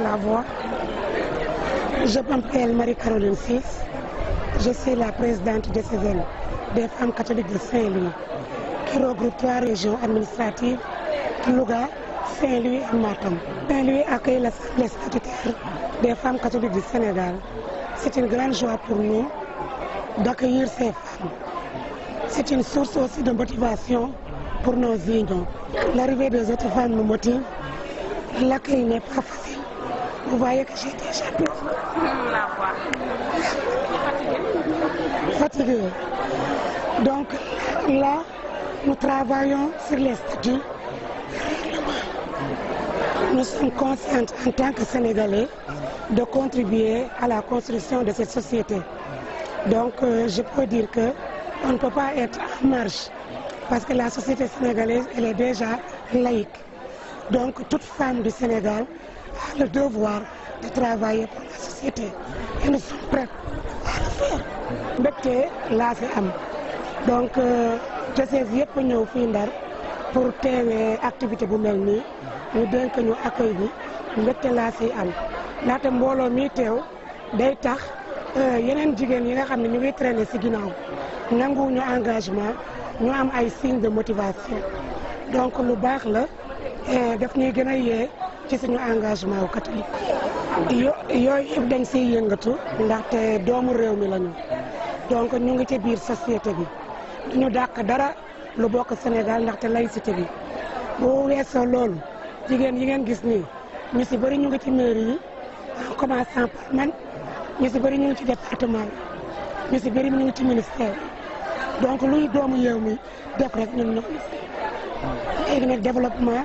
la voix. Je m'appelle Marie-Caroline Fils. Je suis la présidente de CESEN, des femmes catholiques de Saint-Louis, qui regroupe trois régions administratives, Louga, Saint-Louis et Matam. Saint-Louis accueille l'Assemblée statutaire des femmes catholiques du Sénégal. C'est une grande joie pour nous d'accueillir ces femmes. C'est une source aussi de motivation pour nos unions. L'arrivée des autres femmes nous motive. L'accueil n'est pas facile. Vous voyez que j'ai déjà plus. Fatigué. Donc là, nous travaillons sur les Nous sommes conscients en tant que Sénégalais de contribuer à la construction de cette société. Donc euh, je peux dire que on ne peut pas être en marche parce que la société sénégalaise elle est déjà laïque. Donc toute femme du Sénégal le devoir de travailler pour la société et nous sommes prêts à le faire donc euh, diocèse que pour telle activité nous Nous nous sommes nous ñu accueil Nous sommes Nous sommes mi sommes euh, nous engagement nous avons signe de motivation donc nous baax la euh, daf ci suñu engagement wu catholique yooyu yëpp dañ siy yëngatu ndaxte doomu réew mi lañu donc ñu ngi ci biir société bi ñu dàq dara lu bokk Sénégal ndaxte laïcité bi bu weesoo loolu jigéen yi ngeen gis ni ñu si bëri ñu ngi ci mairie yi en commençant man ñu si bëri ñu ngi ci département yi ñu si bëri ñu ngi ci ministère donc luy doomu réew mi def rek ñun ñoo développement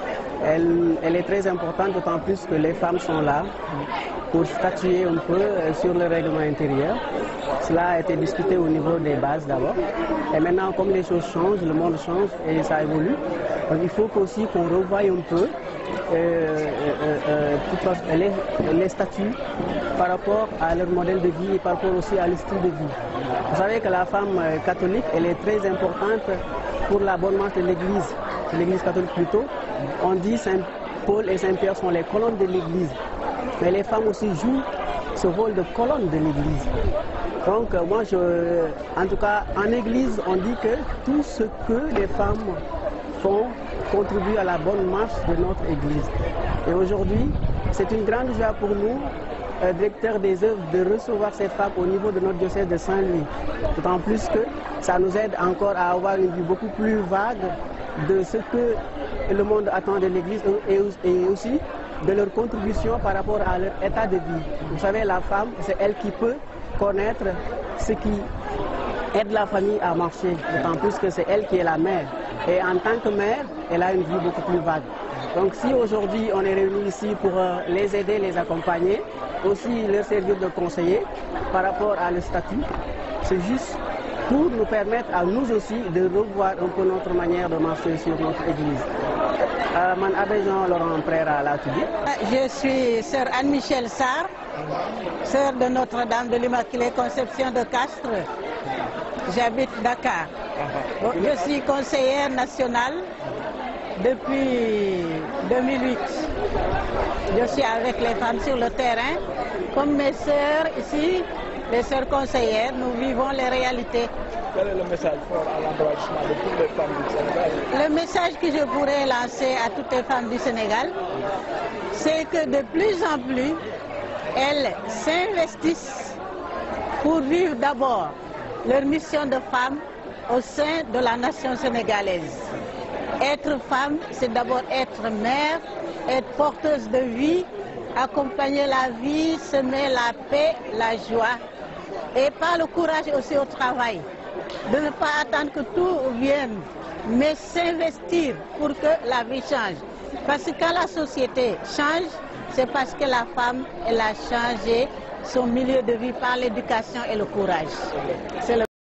elle, est très importante, d'autant plus que les femmes sont là pour statuer un peu euh, sur le règlement intérieur. Cela a été discuté au niveau des bases d'abord. Et maintenant, comme les choses changent, le monde change et ça évolue, donc il faut aussi qu'on revoie un peu euh, euh, les, statuts par rapport à leur modèle de vie et par rapport aussi à l'esprit de vie. Vous savez que la femme catholique, elle est très importante pour l'abonnement de l'Église, l'Église catholique plutôt, on dit Saint Paul et Saint Pierre sont les colonnes de l'Église. Mais les femmes aussi jouent ce rôle de colonne de l'Église. Donc euh, moi, je, en tout cas, en Église, on dit que tout ce que les femmes font contribue à la bonne marche de notre Église. Et aujourd'hui, c'est une grande joie pour nous euh, directeur des œuvres de recevoir ces femmes au niveau de notre diocèse de Saint-Louis. D'autant plus que ça nous aide encore à avoir une vue beaucoup plus vague de ce que le monde attend de l'Église et aussi de leur contribution par rapport à leur état de vie. Vous savez, la femme, c'est elle qui peut connaître ce qui aide la famille à marcher, d'autant plus que c'est elle qui est la mère. Et en tant que mère, elle a une vie beaucoup plus vague. Donc si aujourd'hui on est réunis ici pour euh, les aider, les accompagner, aussi leur servir de conseiller par rapport à le statut, c'est juste pour nous permettre à nous aussi de revoir un peu notre manière de marcher sur notre église. Euh, Je suis sœur Anne-Michel Sarr, sœur de Notre-Dame de l'Immaculée Conception de Castres. J'habite Dakar. Uh-huh. Je suis conseillère nationale depuis 2008. Je suis avec les femmes sur le terrain. Comme mes sœurs ici, les sœurs conseillères, nous vivons les réalités. Quel est le message fort à de toutes les femmes du Sénégal Le message que je pourrais lancer à toutes les femmes du Sénégal, c'est que de plus en plus, elles s'investissent pour vivre d'abord leur mission de femme au sein de la nation sénégalaise. Être femme, c'est d'abord être mère, être porteuse de vie, accompagner la vie, semer la paix, la joie. Et par le courage aussi au travail, de ne pas attendre que tout vienne, mais s'investir pour que la vie change. Parce que quand la société change, c'est parce que la femme, elle a changé son milieu de vie par l'éducation et le courage.